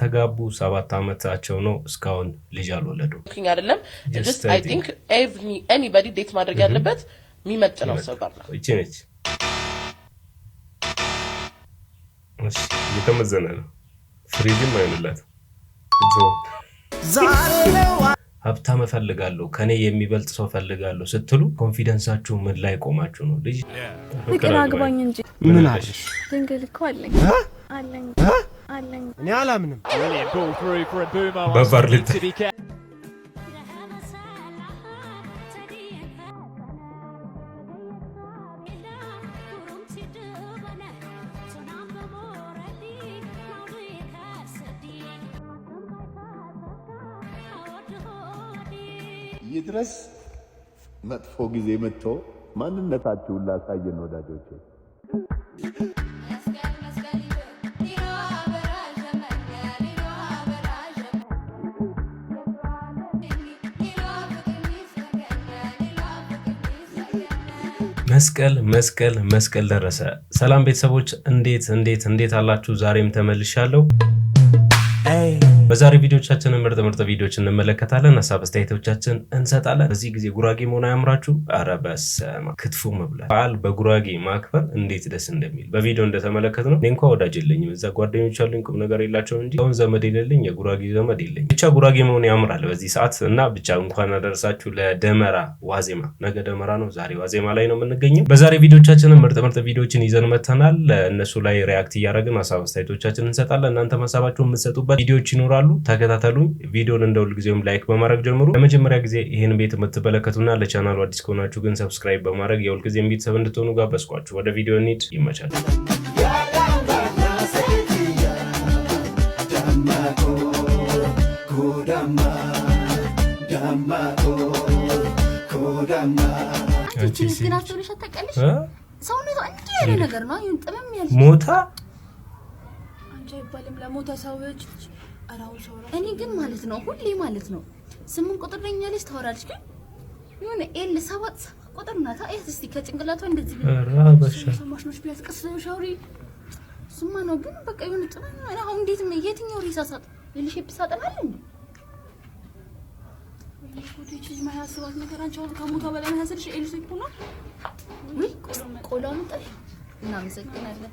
ተጋቡ ሰባት ዓመታቸው ነው። እስካሁን ልጅ አልወለዱ ኩኪንግ አይደለም ኤኒባዲ ዴት ማድረግ mm-hmm. ያለበት የሚመጥ ነው ሰው ጋር ይቺ ነች። እየተመዘነ ነው። ፍሪጅም አይሆንላት ሀብታም እፈልጋለሁ ከኔ የሚበልጥ ሰው እፈልጋለሁ ስትሉ ኮንፊደንሳችሁ ምን ላይ ቆማችሁ ነው? ልጅ ፍቅር አግባኝ እንጂ ምን አለሽ? ድንግል እኮ አለኝ አለኝ አለኝ እኔ አላምንም ድረስ መጥፎ ጊዜ መጥቶ ማንነታችሁን ላሳየን ወዳጆች መስቀል መስቀል መስቀል ደረሰ። ሰላም ቤተሰቦች፣ እንዴት እንዴት እንዴት አላችሁ? ዛሬም ተመልሻለሁ። በዛሬ ቪዲዮቻችንን ምርጥ ምርጥ ቪዲዮች እንመለከታለን። ሀሳብ አስተያየቶቻችን እንሰጣለን። በዚህ ጊዜ ጉራጌ መሆን አያምራችሁ። አረ በስመ አብ ክትፎ መብላት በዓል በጉራጌ ማክበር እንዴት ደስ እንደሚል በቪዲዮ እንደተመለከት ነው። እኔ እንኳ ወዳጅ የለኝም፣ እዛ ጓደኞች አሉኝ፣ ቁም ነገር የላቸውም እንጂ አሁን ዘመድ የሌለኝ የጉራጌ ዘመድ የለኝ። ብቻ ጉራጌ መሆን ያምራል በዚህ ሰዓት እና ብቻ እንኳን አደረሳችሁ ለደመራ ዋዜማ። ነገ ደመራ ነው፣ ዛሬ ዋዜማ ላይ ነው የምንገኘው። በዛሬ ቪዲዮቻችንን ምርጥ ምርጥ ቪዲዮችን ይዘን መተናል። እነሱ ላይ ሪያክት እያደረግን ሀሳብ አስተያየቶቻችን እንሰጣለን። እናንተ ሀሳባችሁን የምትሰጡበት ቪዲዮች ይኖራል ይኖራሉ። ተከታተሉ። ቪዲዮን እንደ ሁልጊዜውም ላይክ በማድረግ ጀምሩ። ለመጀመሪያ ጊዜ ይህን ቤት የምትመለከቱና ለቻናሉ አዲስ ከሆናችሁ ግን ሰብስክራይብ በማድረግ የሁልጊዜም ቤተሰብ እንድትሆኑ ጋበዝኳችሁ። ወደ ቪዲዮ እንሂድ። ይመቻል። ሞታ እኔ ግን ማለት ነው ሁሌ ማለት ነው ስምን ቁጥር ነኝ ያለች ታወራለች፣ ግን የሆነ ኤል ሰባት ሰባት ቁጥር ናታ። እያት እስቲ ከጭንቅላቷ እንደዚህ ማሽኖች ቢያስቀስ ሻውሪ ስማ ነው ግን በቃ የሆነ ጥሩ አሁን እንዴት የትኛው ሬሳ ሳጥ ልሽ ብሳጠናል እንዴ ቆላውን ጠ እናመሰግናለን።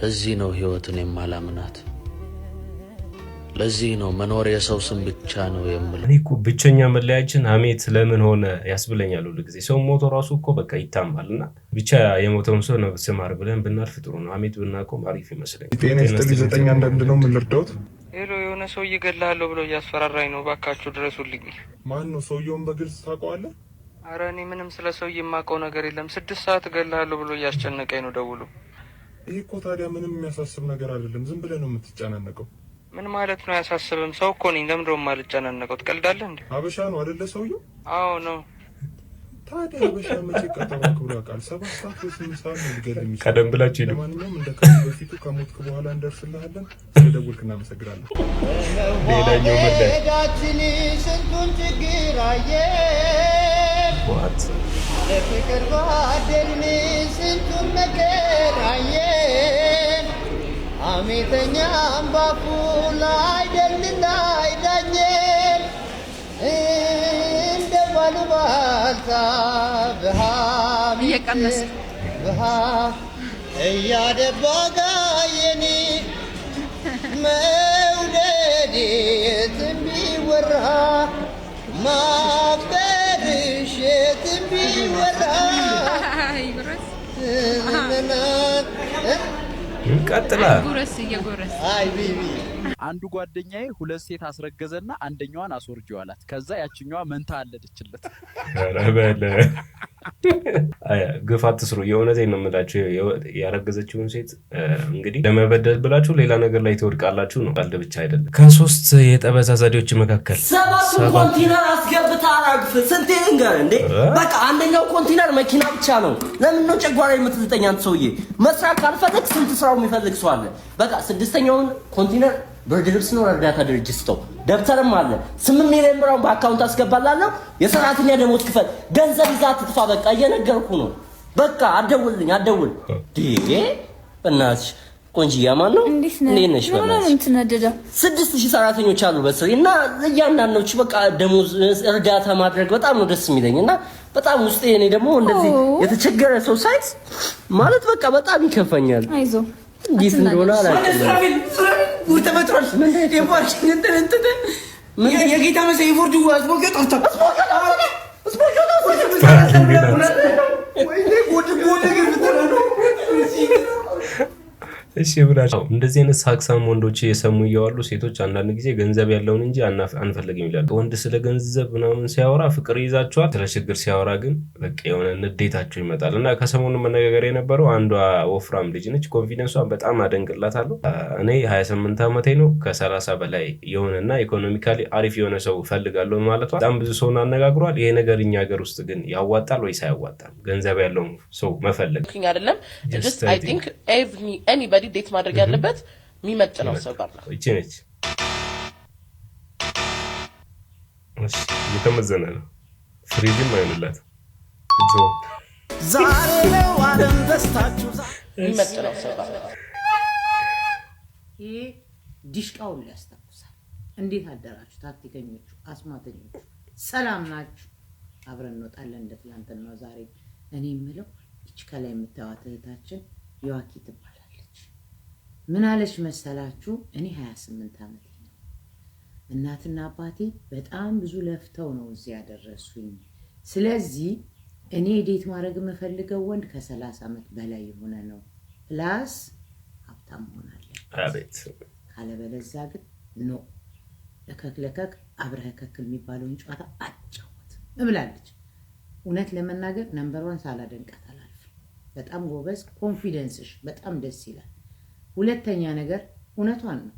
ለዚህ ነው ሕይወትን የማላምናት። ለዚህ ነው መኖር የሰው ስም ብቻ ነው የምለው። እኔ እኮ ብቸኛ መለያችን ሀሜት ለምን ሆነ ያስብለኛል ሁሉ ጊዜ። ሰው ሞቶ ራሱ እኮ በቃ ይታማል እና ብቻ የሞተውን ሰው ነፍሰ ማር ብለን ብናልፍ ጥሩ ነው። ሀሜት ብናቆም አሪፍ ይመስለኛል። ጤና ይስጥልኝ። ዘጠኝ አንዳንድ ነው የምንርዳውት። ሄሎ፣ የሆነ ሰው እየገላለሁ ብሎ እያስፈራራኝ ነው፣ ባካችሁ ድረሱልኝ። ማን ነው ሰውየውን? በግልጽ ታውቀዋለህ? አረ እኔ ምንም ስለ ሰው የማውቀው ነገር የለም። ስድስት ሰዓት እገልሃለሁ ብሎ እያስጨነቀኝ ነው ደውሎ። ይህ እኮ ታዲያ ምንም የሚያሳስብ ነገር አይደለም። ዝም ብለህ ነው የምትጨናነቀው። ምን ማለት ነው አያሳስብም? ሰው እኮ ነኝ። ለምንድን ነው የማልጨናነቀው? ትቀልዳለህ እንዴ? ሀበሻ ነው አደለ ሰውየው? አዎ ነው። ታዲያ አበሻ መቼ ቀጠሮ ክብሮ ያውቃል? ሰባት ሰዓት ወይ ስምንት ሰዓት ነው ሊገል የሚችል ቀደም ብላችሁ። ለማንኛውም እንደ ከዚህ በፊቱ ከሞትክ በኋላ እንደርስልሃለን። ስለደውልክ እናመሰግናለን። ሌላኛው መለ መዳችን ስንቱን ችግር አየ ዋት ለፍቅር ጓደን ስንቱን መከር አየን አሜተኛም ባፉ ላይ ደልን ላይ እንደ ባሉባልታ ብሃ ብሃ እያደባ ጋየኒ መውደድ የትንቢ ወራ ማ Na, na, na, na. Eh? ቀጥላል። አንዱ ጓደኛዬ ሁለት ሴት አስረገዘና አንደኛዋን አስወርጅው አላት። ከዛ ያችኛዋ መንታ አለደችለት። ግፍ አትስሩ። የእውነቴን ነው የምላችሁ። ያረገዘችውን ሴት እንግዲህ ለመበደል ብላችሁ ሌላ ነገር ላይ ትወድቃላችሁ። ነው ቀልድ ብቻ አይደለም። ከሶስት የጠበዛ ዘዴዎች መካከል ሰባቱን ኮንቲነር አስገብታ አራግፍ። ስንቴ እንገር እንዴ! በቃ አንደኛው ኮንቲነር መኪና ብቻ ነው። ለምን ነው ጨጓራ የምትዘጠኝ? አንተ ሰውዬ መስራት ካልፈለግ ስንት ስራው የሚፈ የሚፈልግ ሰው አለ። በቃ ስድስተኛውን ኮንቴነር ብርድ ልብስ ነው እርዳታ ድርጅት ስጠው። ደብተርም አለ። ስምንት ሚሊዮን ብር በአካውንት አስገባላለሁ። የሰራተኛ ደሞዝ ክፈል። ገንዘብ ይዛ ትጥፋ። በቃ እየነገርኩ ነው። በቃ አደውልኝ፣ አደውል ዲጌ በእናትሽ ቆንጅዬ ማን ነው? እንዴት ነሽ? ስድስት ሺህ ሰራተኞች አሉ በስሪ እና እያንዳንዶች በቃ ደሞዝ እርዳታ ማድረግ በጣም ነው ደስ የሚለኝ እና በጣም ውስጤ እኔ ደግሞ እንደዚህ የተቸገረ ሰው ሳይዝ ማለት በቃ በጣም ይከፈኛል። አይዞህ እንዴት እንደሆነ የጌታ መሰለኝ እሺ ብላችሁ እንደዚህ አይነት ሳክሳም ወንዶች እየሰሙ እያዋሉ ሴቶች አንዳንድ ጊዜ ገንዘብ ያለውን እንጂ አንፈልግም ይላሉ። ወንድ ስለ ገንዘብ ምናምን ሲያወራ ፍቅር ይዛቸዋል። ስለ ችግር ሲያወራ ግን በቃ የሆነ ንዴታቸው ይመጣል። እና ከሰሞኑ መነጋገር የነበረው አንዷ ወፍራም ልጅ ነች። ኮንፊደንሷን በጣም አደንቅላታለሁ። እኔ 28 ዓመቴ ነው ከ30 በላይ የሆነና ኢኮኖሚካሊ አሪፍ የሆነ ሰው ፈልጋለሁ ማለቷ በጣም ብዙ ሰውን አነጋግሯል። ይሄ ነገር እኛ ሀገር ውስጥ ግን ያዋጣል ወይስ አያዋጣም? ገንዘብ ያለውን ሰው መፈለግ አይደለም ኦልሬዲ ዴት ማድረግ ያለበት የሚመጥ ነው ሰው ጋር ነው። እየተመዘነ ነው። ፍሪጅም አይሆንላት ዛሬ ነው ሰው ጋር ይህ ዲሽቃውን ሊያስታውሳል። እንዴት አደራችሁ ታክቲከኞቹ፣ አስማተኞቹ? ሰላም ናችሁ? አብረን እንወጣለን እንደ ትላንትና ነው ዛሬ። እኔ የምለው ይች ከላይ የምታዩት እህታችን የዋኪ ትባል ምን አለች መሰላችሁ? እኔ 28 ዓመቴ ነው። እናትና አባቴ በጣም ብዙ ለፍተው ነው እዚህ ያደረሱኝ። ስለዚህ እኔ ዴት ማድረግ የምፈልገው ወንድ ከ30 ዓመት በላይ የሆነ ነው፣ ፕላስ ሀብታም መሆን አለበት። ካለበለዚያ ግን ኖ ለከክ ለከክ አብረህ ከክል የሚባለውን ጨዋታ አጫወትም እብላለች። እውነት ለመናገር ነምበር ዋን ሳላደንቃት አላልፍም። በጣም ጎበዝ፣ ኮንፊደንስሽ በጣም ደስ ይላል። ሁለተኛ ነገር እውነቷን ነው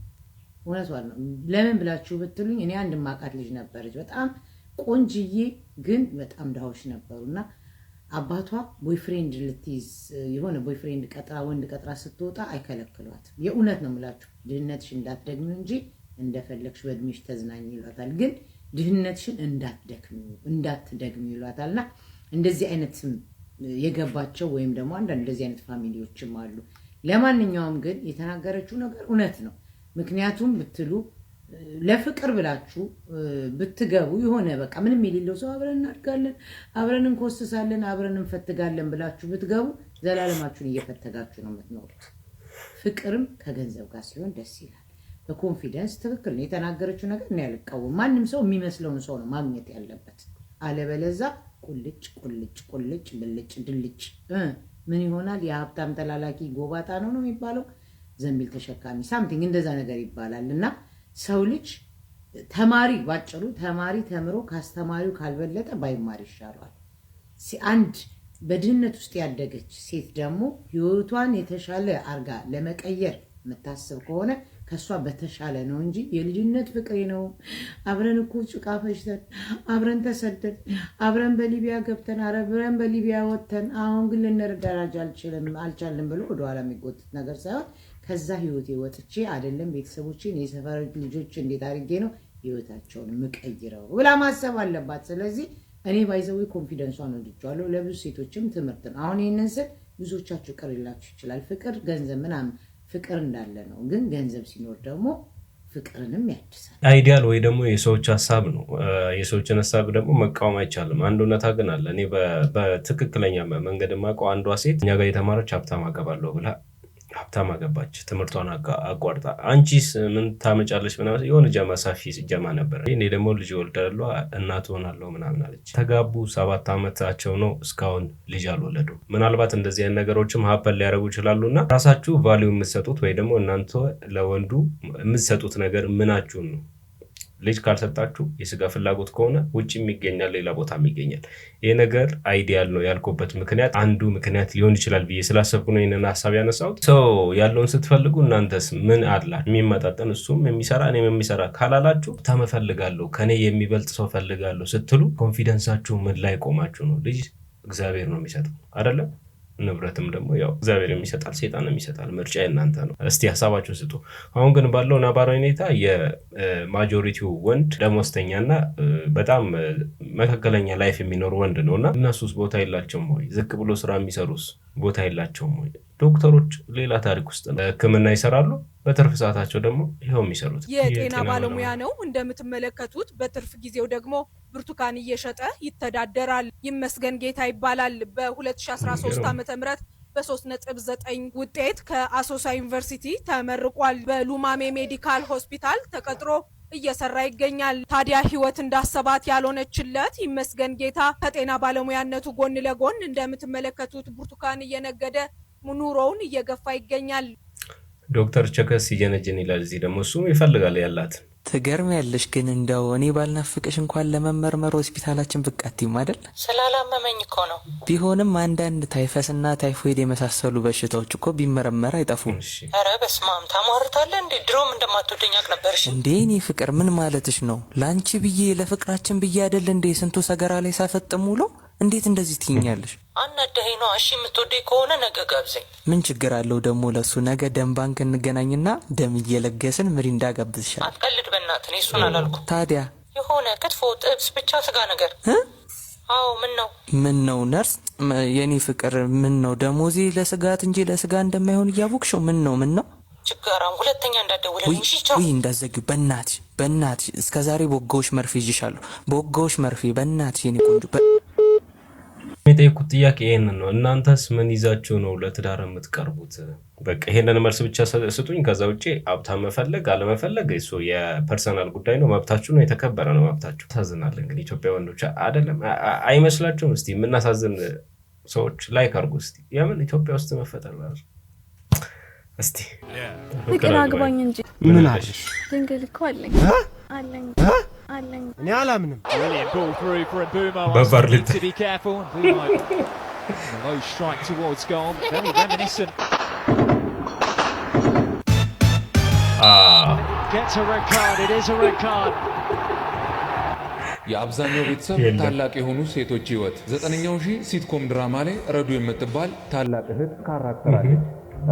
እውነቷን ነው። ለምን ብላችሁ ብትሉኝ እኔ አንድ ማቃት ልጅ ነበረች፣ በጣም ቆንጅዬ፣ ግን በጣም ድሃዎች ነበሩ እና አባቷ ቦይፍሬንድ ልትይዝ የሆነ ቦይፍሬንድ ቀጥራ ወንድ ቀጥራ ስትወጣ አይከለክሏት። የእውነት ነው የምላችሁ ድህነትሽ እንዳትደግሚ እንጂ እንደፈለግሽ በእድሜሽ ተዝናኝ ይሏታል። ግን ድህነትሽን እንዳትደግሚ ይሏታል እና እንደዚህ አይነት የገባቸው ወይም ደግሞ አንዳንድ እንደዚህ አይነት ፋሚሊዎችም አሉ። ለማንኛውም ግን የተናገረችው ነገር እውነት ነው። ምክንያቱም ብትሉ ለፍቅር ብላችሁ ብትገቡ የሆነ በቃ ምንም የሌለው ሰው አብረን እናድጋለን፣ አብረን እንኮስሳለን፣ አብረን እንፈትጋለን ብላችሁ ብትገቡ ዘላለማችሁን እየፈተጋችሁ ነው የምትኖሩት። ፍቅርም ከገንዘብ ጋር ሲሆን ደስ ይላል። በኮንፊደንስ ትክክል ነው የተናገረችው ነገር ነው ማንም ሰው የሚመስለውን ሰው ነው ማግኘት ያለበት። አለበለዛ ቁልጭ ቁልጭ ቁልጭ ብልጭ ድልጭ ምን ይሆናል? የሀብታም ተላላኪ ጎባጣ ነው ነው የሚባለው፣ ዘንቢል ተሸካሚ ሳምቲንግ እንደዛ ነገር ይባላል። እና ሰው ልጅ ተማሪ ባጭሩ ተማሪ ተምሮ ካስተማሪው ካልበለጠ ባይማር ይሻሏል። አንድ በድህነት ውስጥ ያደገች ሴት ደግሞ ህይወቷን የተሻለ አርጋ ለመቀየር የምታስብ ከሆነ ከእሷ በተሻለ ነው እንጂ የልጅነት ፍቅሬ ነው። አብረን እኮ ጭቃ ፈጭተን አብረን ተሰደን አብረን በሊቢያ ገብተን አብረን በሊቢያ ወጥተን፣ አሁን ግን ልንረዳዳጅ አልቻልም ብሎ ወደኋላ የሚጎትት ነገር ሳይሆን ከዛ ህይወቴ ወጥቼ አይደለም ቤተሰቦችን የሰፈር ልጆች እንዴት አድርጌ ነው ህይወታቸውን ምቀይረው ብላ ማሰብ አለባት። ስለዚህ እኔ ባይዘዊ ኮንፊደንሷን ወድጄዋለሁ። ለብዙ ሴቶችም ትምህርት ነው። አሁን ይህንን ስል ብዙዎቻችሁ ቅር ሊላችሁ ይችላል። ፍቅር ገንዘብ ምናምን ፍቅር እንዳለ ነው። ግን ገንዘብ ሲኖር ደግሞ ፍቅርንም ያድሳል። አይዲያል ወይ ደግሞ የሰዎች ሀሳብ ነው። የሰዎችን ሀሳብ ደግሞ መቃወም አይቻልም። አንድ እውነታ ግን አለ። እኔ በትክክለኛ መንገድ ማውቀው አንዷ ሴት እኛ ጋር የተማረች ሀብታም አገባለሁ ብላ ሀብታም አገባች፣ ትምህርቷን አቋርጣ። አንቺስ ምን ታመጫለች? ምናምን የሆነ ጀማ ሳፊ ጀማ ነበረ። እኔ ደግሞ ልጅ ወልዳሉ እናት ሆናለሁ ምናምን አለች። ተጋቡ፣ ሰባት ዓመታቸው ነው። እስካሁን ልጅ አልወለዱ። ምናልባት እንደዚህ አይነት ነገሮችም ሀፐል ሊያደርጉ ይችላሉ። እና ራሳችሁ ቫሊዩ የምትሰጡት ወይ ደግሞ እናንተ ለወንዱ የምትሰጡት ነገር ምናችሁን ነው? ልጅ ካልሰጣችሁ የስጋ ፍላጎት ከሆነ ውጭም ይገኛል፣ ሌላ ቦታም ይገኛል። ይህ ነገር አይዲያል ነው ያልኩበት ምክንያት አንዱ ምክንያት ሊሆን ይችላል ብዬ ስላሰብኩ ነው ይህንን ሀሳብ ያነሳሁት። ሰው ያለውን ስትፈልጉ እናንተስ ምን አላ የሚመጣጠን እሱም የሚሰራ እኔም የሚሰራ ካላላችሁ ታም ከኔ የሚበልጥ ሰው ፈልጋለሁ ስትሉ ኮንፊደንሳችሁ ምን ላይ ቆማችሁ ነው? ልጅ እግዚአብሔር ነው የሚሰጠው አይደለም ንብረትም ደግሞ ያው እግዚአብሔር የሚሰጣል፣ ሴጣንም ይሰጣል። ምርጫ የእናንተ ነው። እስቲ ሀሳባችሁ ስጡ። አሁን ግን ባለው ነባራዊ ሁኔታ የማጆሪቲው ወንድ ደሞዝተኛና በጣም መካከለኛ ላይፍ የሚኖር ወንድ ነው እና እነሱስ ቦታ የላቸውም ወይ? ዝቅ ብሎ ስራ የሚሰሩስ ቦታ የላቸውም ወይ? ዶክተሮች ሌላ ታሪክ ውስጥ ነው። ህክምና ይሰራሉ። በትርፍ ሰዓታቸው ደግሞ ይኸው የሚሰሩት የጤና ባለሙያ ነው። እንደምትመለከቱት በትርፍ ጊዜው ደግሞ ብርቱካን እየሸጠ ይተዳደራል። ይመስገን ጌታ ይባላል። በ2013 ዓ ም በ3.9 ውጤት ከአሶሳ ዩኒቨርሲቲ ተመርቋል። በሉማሜ ሜዲካል ሆስፒታል ተቀጥሮ እየሰራ ይገኛል። ታዲያ ህይወት እንዳሰባት ያልሆነችለት ይመስገን ጌታ ከጤና ባለሙያነቱ ጎን ለጎን እንደምትመለከቱት ብርቱካን እየነገደ ኑሮውን እየገፋ ይገኛል። ዶክተር ቸከስ ይጀነጅን ይላል። እዚህ ደግሞ እሱም ይፈልጋል ያላት ትገርም ያለሽ ግን እንደው እኔ ባልናፍቅሽ እንኳን ለመመርመር ሆስፒታላችን ብቃትም አይደል? ስላላመመኝ እኮ ነው። ቢሆንም አንዳንድ ታይፈስና ታይፎይድ የመሳሰሉ በሽታዎች እኮ ቢመረመር አይጠፉም። ኧረ በስመ አብ ታሟርታለህ እንዴ! ድሮም እንደማትወደኝ አውቅ ነበርሽ እንዴ? እኔ ፍቅር ምን ማለትሽ ነው? ለአንቺ ብዬ ለፍቅራችን ብዬ አይደል እንዴ ስንቱ ሰገራ ላይ ሳፈጥም ውሎ እንዴት እንደዚህ ትይኛለሽ? አናደኸኝ ነው። እሺ የምትወደኝ ከሆነ ነገ ጋብዘኝ። ምን ችግር አለው ደግሞ ለሱ። ነገ ደም ባንክ እንገናኝና ደም እየለገስን ምሪንዳ ጋብዝሻል። አትቀልድ በእናትህ። እኔ እሱን አላልኩ። ታዲያ የሆነ ክትፎ፣ ጥብስ፣ ብቻ ስጋ ነገር። አዎ። ምን ነው ምን ነው ነርስ፣ የኔ ፍቅር፣ ምን ነው ደሞዜ ለስጋት እንጂ ለስጋ እንደማይሆን እያወቅሽው ምን ነው ምን ነው ችጋራም ሁለተኛ እንዳደውልልኝ እንዳዘጊው። በእናትሽ በእናትሽ፣ እስከዛሬ በወጋዎች መርፌ ይዤሻለሁ። በወጋዎች መርፌ በእናትሽ የኔ ቆንጆ የጠየኩት ጥያቄ ይህንን ነው። እናንተስ ምን ይዛችሁ ነው ለትዳር የምትቀርቡት? በቃ ይሄንን መልስ ብቻ ስጡኝ። ከዛ ውጭ ሀብታም መፈለግ አለመፈለግ እሱ የፐርሰናል ጉዳይ ነው። መብታችሁ ነው፣ የተከበረ ነው መብታችሁ። ታዝናል እንግዲህ ኢትዮጵያ ወንዶች አይደለም አይመስላችሁም? እስቲ የምናሳዝን ሰዎች ላይክ አድርጉ እስቲ። የምን ኢትዮጵያ ውስጥ መፈጠር ማለት እስቲ ፍቅር አግባኝ እንጂ ምን አለሽ? ድንግል እኮ አለኝ አለኝ እኔ አላምንም። oh, በቫር ah. የአብዛኛው ቤተሰብ ታላቅ የሆኑ ሴቶች ህይወት ዘጠነኛው ሺህ ሲትኮም ድራማ ላይ ረዱ የምትባል ታላቅ እህት ካራክተር አለች።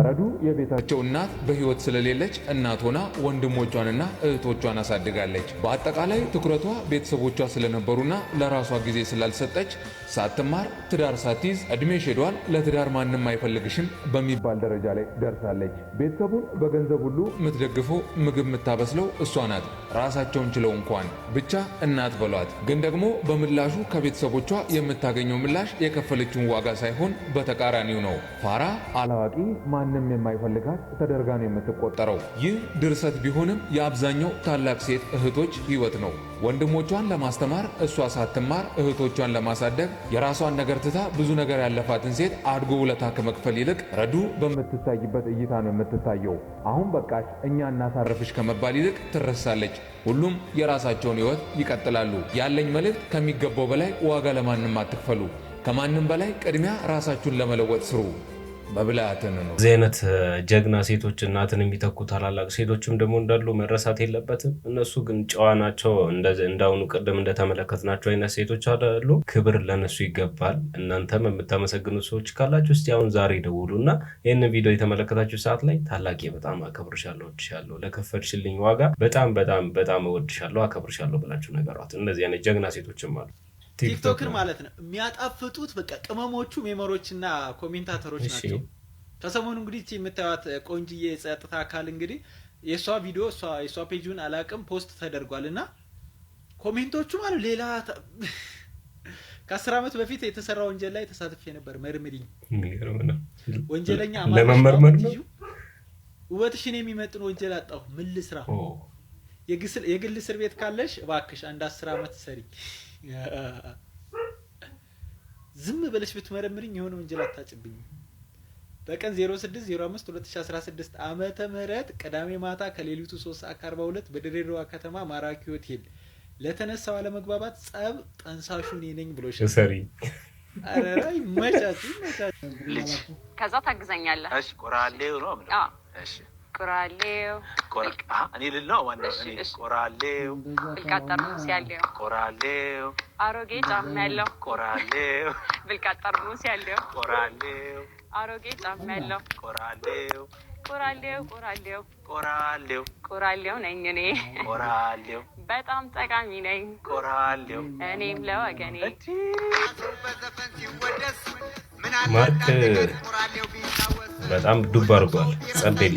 ረዱ የቤታቸው እናት በሕይወት ስለሌለች እናት ሆና ወንድሞቿንና እህቶቿን አሳድጋለች። በአጠቃላይ ትኩረቷ ቤተሰቦቿ ስለነበሩና ለራሷ ጊዜ ስላልሰጠች ሳትማር ትዳር ሳትይዝ ዕድሜ ሄዷል፣ ለትዳር ማንም አይፈልግሽም በሚባል ደረጃ ላይ ደርሳለች። ቤተሰቡን በገንዘብ ሁሉ የምትደግፈው ምግብ የምታበስለው እሷ ናት። ራሳቸውን ችለው እንኳን ብቻ እናት በሏት። ግን ደግሞ በምላሹ ከቤተሰቦቿ የምታገኘው ምላሽ የከፈለችውን ዋጋ ሳይሆን በተቃራኒው ነው። ፋራ አላዋቂ ማንም የማይፈልጋት ተደርጋ ነው የምትቆጠረው። ይህ ድርሰት ቢሆንም የአብዛኛው ታላቅ ሴት እህቶች ሕይወት ነው። ወንድሞቿን ለማስተማር እሷ ሳትማር እህቶቿን ለማሳደግ የራሷን ነገር ትታ ብዙ ነገር ያለፋትን ሴት አድጎ ውለታ ከመክፈል ይልቅ ረዱ በምትታይበት እይታ ነው የምትታየው። አሁን በቃች እኛ እናሳርፍሽ ከመባል ይልቅ ትረሳለች። ሁሉም የራሳቸውን ሕይወት ይቀጥላሉ። ያለኝ መልእክት ከሚገባው በላይ ዋጋ ለማንም አትክፈሉ። ከማንም በላይ ቅድሚያ ራሳችሁን ለመለወጥ ስሩ። መብላትን ነው። እዚህ አይነት ጀግና ሴቶች እናትን የሚተኩ ታላላቅ ሴቶችም ደግሞ እንዳሉ መረሳት የለበትም። እነሱ ግን ጨዋ ናቸው። እንዳሁኑ ቅድም እንደተመለከትናቸው አይነት ሴቶች አሉ። ክብር ለነሱ ይገባል። እናንተም የምታመሰግኑ ሰዎች ካላችሁ እስቲ አሁን ዛሬ ደውሉ እና ይህንን ቪዲዮ የተመለከታችሁ ሰዓት ላይ ታላቄ በጣም አከብርሻለሁ፣ እወድሻለሁ፣ ለከፈልሽልኝ ዋጋ በጣም በጣም በጣም እወድሻለሁ፣ አከብርሻለሁ ብላችሁ ነገሯት። እነዚህ አይነት ጀግና ሴቶችም አሉ። ቲክቶክን ማለት ነው የሚያጣፍጡት በቃ ቅመሞቹ ሜመሮችና ኮሜንታተሮች ናቸው። ከሰሞኑ እንግዲህ የምታዩት ቆንጅዬ የጸጥታ አካል እንግዲህ የእሷ ቪዲዮ የእሷ ፔጅን አላቅም ፖስት ተደርጓል እና ኮሜንቶቹ ማለት ሌላ ከአስር ዓመት በፊት የተሰራ ወንጀል ላይ ተሳትፍ የነበር መርምሪኝ ወንጀለኛ ለመመርመር ውበትሽን የሚመጥን ወንጀል አጣሁ ምን ልስራ? የግል እስር ቤት ካለሽ እባክሽ አንድ አስር ዓመት ሰሪ ዝም ብለሽ ብትመረምርኝ የሆነ ወንጀል አታጭብኝ። በቀን 06/05/2016 ዓመተ ምህረት ቅዳሜ ማታ ከሌሊቱ 3 ሰዓት 42 በድሬዳዋ ከተማ ማራኪ ሆቴል ለተነሳው አለመግባባት ጸብ ጠንሳሹ እኔ ነኝ ብሎሽ ሰሪ አረራይ መቻች መቻች ከዛ ታግዘኛለህ። እሺ ቆራሌ ነው። እሺ ቆራሌው እኔ ልለው ቆራሌው ብልቃጥ ጠርሙስ ያለው ቆራሌው አሮጌ ጫማ ያለው ቆራሌው ብልቃጥ ጠርሙስ ያለው ቆራሌው አሮጌ ጫማ ያለው ቆራሌው ቆራሌው ቆራሌው ቆራሌው ቆራሌው ነኝ እኔ ቆራሌው በጣም ጠቃሚ ነኝ ቆራሌው እኔም ለወገኔ ማርክ በጣም ዱብ አድርጓል ልጅ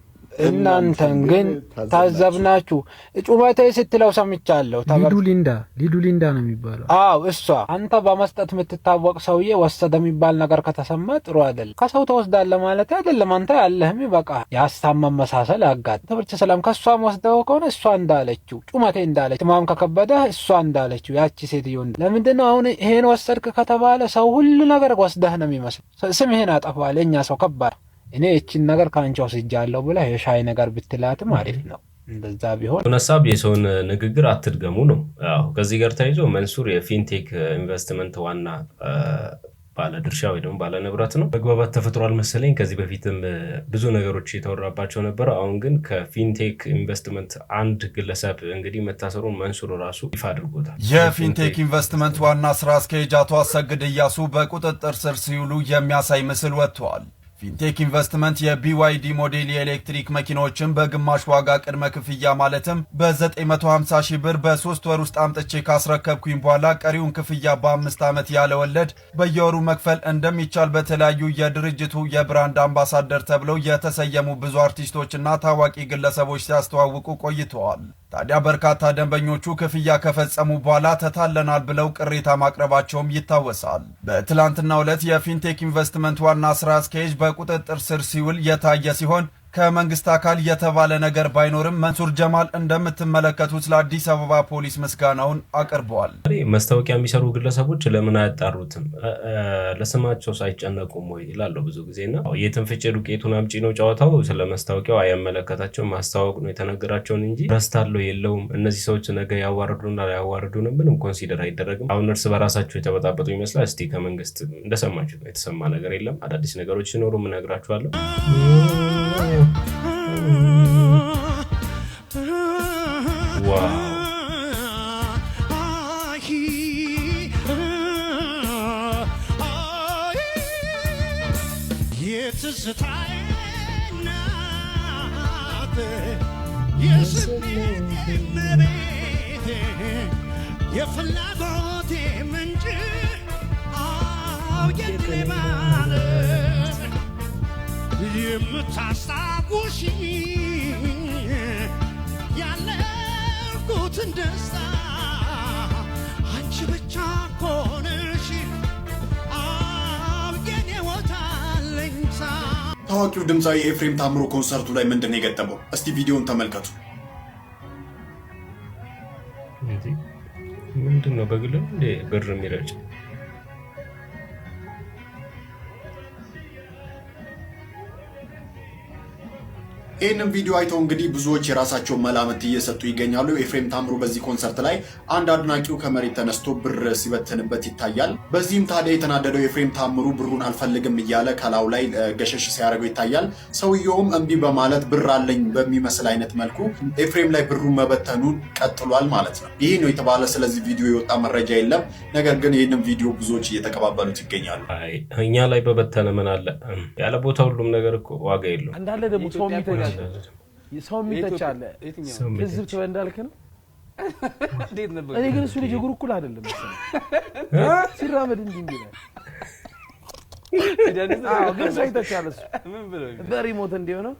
እናንተን ግን ታዘብናችሁ። ጩኸቴ ስትለው ሰምቻለሁ። ሊዱ ሊንዳ ሊዱ ሊንዳ ነው የሚባለው። አዎ እሷ። አንተ በመስጠት የምትታወቅ ሰውዬ ወሰደ የሚባል ነገር ከተሰማ ጥሩ አይደለም። ከሰው ተወስዳለ ማለት አይደለም። አንተ ያለህም በቃ የሀሳብ መመሳሰል አጋጥ ትምህርት ሰላም ከእሷም ወስደው ከሆነ እሷ እንዳለችው ጩመቴ እንዳለች ትማም ከከበደ እሷ እንዳለችው ያቺ ሴትዮ ለምንድን አሁን ይሄን ወሰድክ ከተባለ ሰው ሁሉ ነገር ወስደህ ነው የሚመስል ስምህን አጠፋል። የእኛ ሰው ከባድ እኔ እችን ነገር ከአንቺ ወስጃለሁ ብላ የሻይ ነገር ብትላትም አሪፍ ነው። እንደዛ ቢሆን ነሳብ የሰውን ንግግር አትድገሙ ነው። ከዚህ ጋር ተያይዞ መንሱር የፊንቴክ ኢንቨስትመንት ዋና ባለ ድርሻ ወይ ደግሞ ባለ ንብረት ነው። መግባባት ተፈጥሯል መሰለኝ። ከዚህ በፊትም ብዙ ነገሮች የተወራባቸው ነበረ። አሁን ግን ከፊንቴክ ኢንቨስትመንት አንድ ግለሰብ እንግዲህ መታሰሩን መንሱር ራሱ ይፋ አድርጎታል። የፊንቴክ ኢንቨስትመንት ዋና ስራ አስኪያጅ አቶ አሰግድ እያሱ በቁጥጥር ስር ሲውሉ የሚያሳይ ምስል ወጥተዋል። ፊንቴክ ኢንቨስትመንት የቢዋይዲ ሞዴል የኤሌክትሪክ መኪናዎችን በግማሽ ዋጋ ቅድመ ክፍያ ማለትም በ950 ሺህ ብር በሶስት ወር ውስጥ አምጥቼ ካስረከብኩኝ በኋላ ቀሪውን ክፍያ በአምስት ዓመት ያለ ወለድ በየወሩ መክፈል እንደሚቻል በተለያዩ የድርጅቱ የብራንድ አምባሳደር ተብለው የተሰየሙ ብዙ አርቲስቶችና ታዋቂ ግለሰቦች ሲያስተዋውቁ ቆይተዋል። ታዲያ በርካታ ደንበኞቹ ክፍያ ከፈጸሙ በኋላ ተታለናል ብለው ቅሬታ ማቅረባቸውም ይታወሳል። በትላንትናው ዕለት የፊንቴክ ኢንቨስትመንት ዋና ስራ አስኪያጅ በቁጥጥር ስር ሲውል የታየ ሲሆን ከመንግስት አካል የተባለ ነገር ባይኖርም መንሱር ጀማል እንደምትመለከቱት ለአዲስ አበባ ፖሊስ ምስጋናውን አቅርበዋል። መስታወቂያ የሚሰሩ ግለሰቦች ለምን አያጣሩትም? ለስማቸው ሳይጨነቁም ወይ ይላለው ብዙ ጊዜ የትን ፍጭ ዱቄቱን አምጪ ነው ጨዋታው። ስለ ማስታወቂያው አያመለከታቸው ማስታወቅ ነው የተነገራቸውን እንጂ ረስታለው የለውም። እነዚህ ሰዎች ነገ ያዋርዱና ያዋርዱንም ምንም ኮንሲደር አይደረግም። አሁን እርስ በራሳቸው የተበጣበጡ ይመስላል። እስቲ ከመንግስት እንደሰማችሁ የተሰማ ነገር የለም። አዳዲስ ነገሮች ሲኖሩ እነግራችኋለሁ። Thank you. ታዋቂው ድምፃዊ ኤፍሬም ታምሮ ኮንሰርቱ ላይ ምንድን ነው የገጠመው? እስቲ ቪዲዮን ተመልከቱ። ምንድን ነው በግል ብር የሚረጭ ይህንም ቪዲዮ አይተው እንግዲህ ብዙዎች የራሳቸውን መላምት እየሰጡ ይገኛሉ። ኤፍሬም ታምሩ በዚህ ኮንሰርት ላይ አንድ አድናቂው ከመሬት ተነስቶ ብር ሲበትንበት ይታያል። በዚህም ታዲያ የተናደደው ኤፍሬም ታምሩ ብሩን አልፈልግም እያለ ከላው ላይ ገሸሽ ሲያደርገው ይታያል። ሰውየውም እምቢ በማለት ብር አለኝ በሚመስል አይነት መልኩ ኤፍሬም ላይ ብሩን መበተኑን ቀጥሏል ማለት ነው። ይህ ነው የተባለ ስለዚህ ቪዲዮ የወጣ መረጃ የለም። ነገር ግን ይህንም ቪዲዮ ብዙዎች እየተቀባበሉት ይገኛሉ። እኛ ላይ በበተነ ምን አለ ያለ ቦታ ሁሉም ነገር እኮ ዋጋ የለውም እንዳለ ደግሞ ሰው የሚተች አለ። ትዝብት በል እንዳልክ ነው። እኔ ግን እሱ ልጅ እግሩ እኩል አይደለም ሲራመድ እንዲ እንዲ ግን ሰው ይተቻል። እሱ በሪሞት እንዲሆነው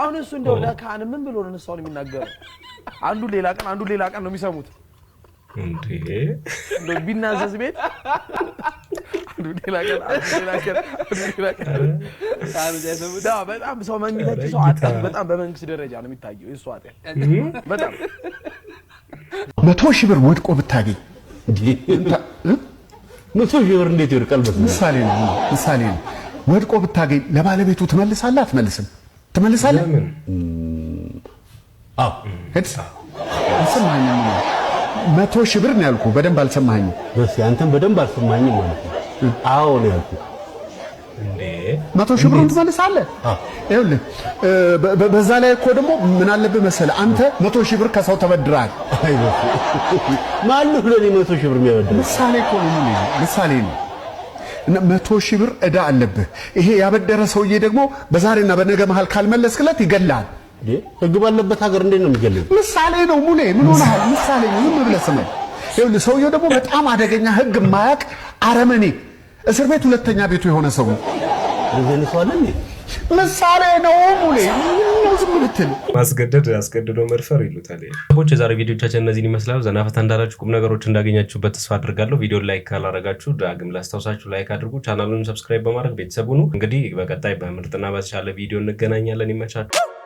አሁን እሱ እንደው ለካህን ምን ብሎ ነው ንሳውን የሚናገረው? አንዱ ሌላ ቀን አንዱ ሌላ ቀን ነው የሚሰሙት ቢናዘዝ ቤት በጣም ሰው መንግስት ሰው አጣል በጣም በመንግስት ደረጃ ነው የሚታየው። እሱ አጣል በጣም መቶ ሺህ ብር ወድቆ ብታገኝ መቶ ሺህ ብር እንዴት ይወድቃል? ምሳሌ ነው ምሳሌ ነው። ወድቆ ብታገኝ ለባለቤቱ ትመልሳለህ? አትመልስም? ትመልሳለህ? አዎ መቶ ሺህ ብር ነው ያልኩ። በደንብ አልሰማኸኝም። በስ አንተም በደንብ አልሰማኸኝም ማለት ነው። አዎ ነው ያልኩህ። መቶ ሺህ ብሩን ትመልሳለህ። ይኸውልህ በዛ ላይ እኮ ደግሞ ምን አለብህ መሰለህ አንተ መቶ ሺህ ብር ከሰው ተበድረሃል። ማነው ለእኔ መቶ ሺህ ብር የሚያበድረው? ምሳሌ እኮ ነው፣ ምን ምሳሌ ነው። እና መቶ ሺህ ብር እዳ አለብህ። ይሄ ያበደረ ሰውዬ ደግሞ በዛሬና በነገ መሀል ካልመለስክለት ይገላል። ህግ ባለበት ሀገር እንዴት ነው የሚገልል? ምሳሌ ነው ሙሌ። ምን ሆነሃል? ምሳሌ ነው። ዝም ብለህ ስማኝ። ይኸውልህ ሰውየው ደግሞ በጣም አደገኛ ህግ ማያቅ አረመኔ፣ እስር ቤት ሁለተኛ ቤቱ የሆነ ሰው ነው። ምሳሌ ነው ሙሌ። ዝም ብትል ማስገደድ አስገድዶ መድፈር ይሉታል። ቦች የዛሬ ቪዲዮቻችን እነዚህን ይመስላሉ። ዘና ፈታ እንዳላችሁ ቁም ነገሮች እንዳገኛችሁበት ተስፋ አድርጋለሁ። ቪዲዮን ላይክ ካላረጋችሁ ዳግም ላስታውሳችሁ ላይክ አድርጉ። ቻናሉን ሰብስክራይብ በማድረግ ቤተሰብ ሁኑ። እንግዲህ በቀጣይ በምርጥና በተሻለ ቪዲዮ እንገናኛለን። ይመቻችሁ።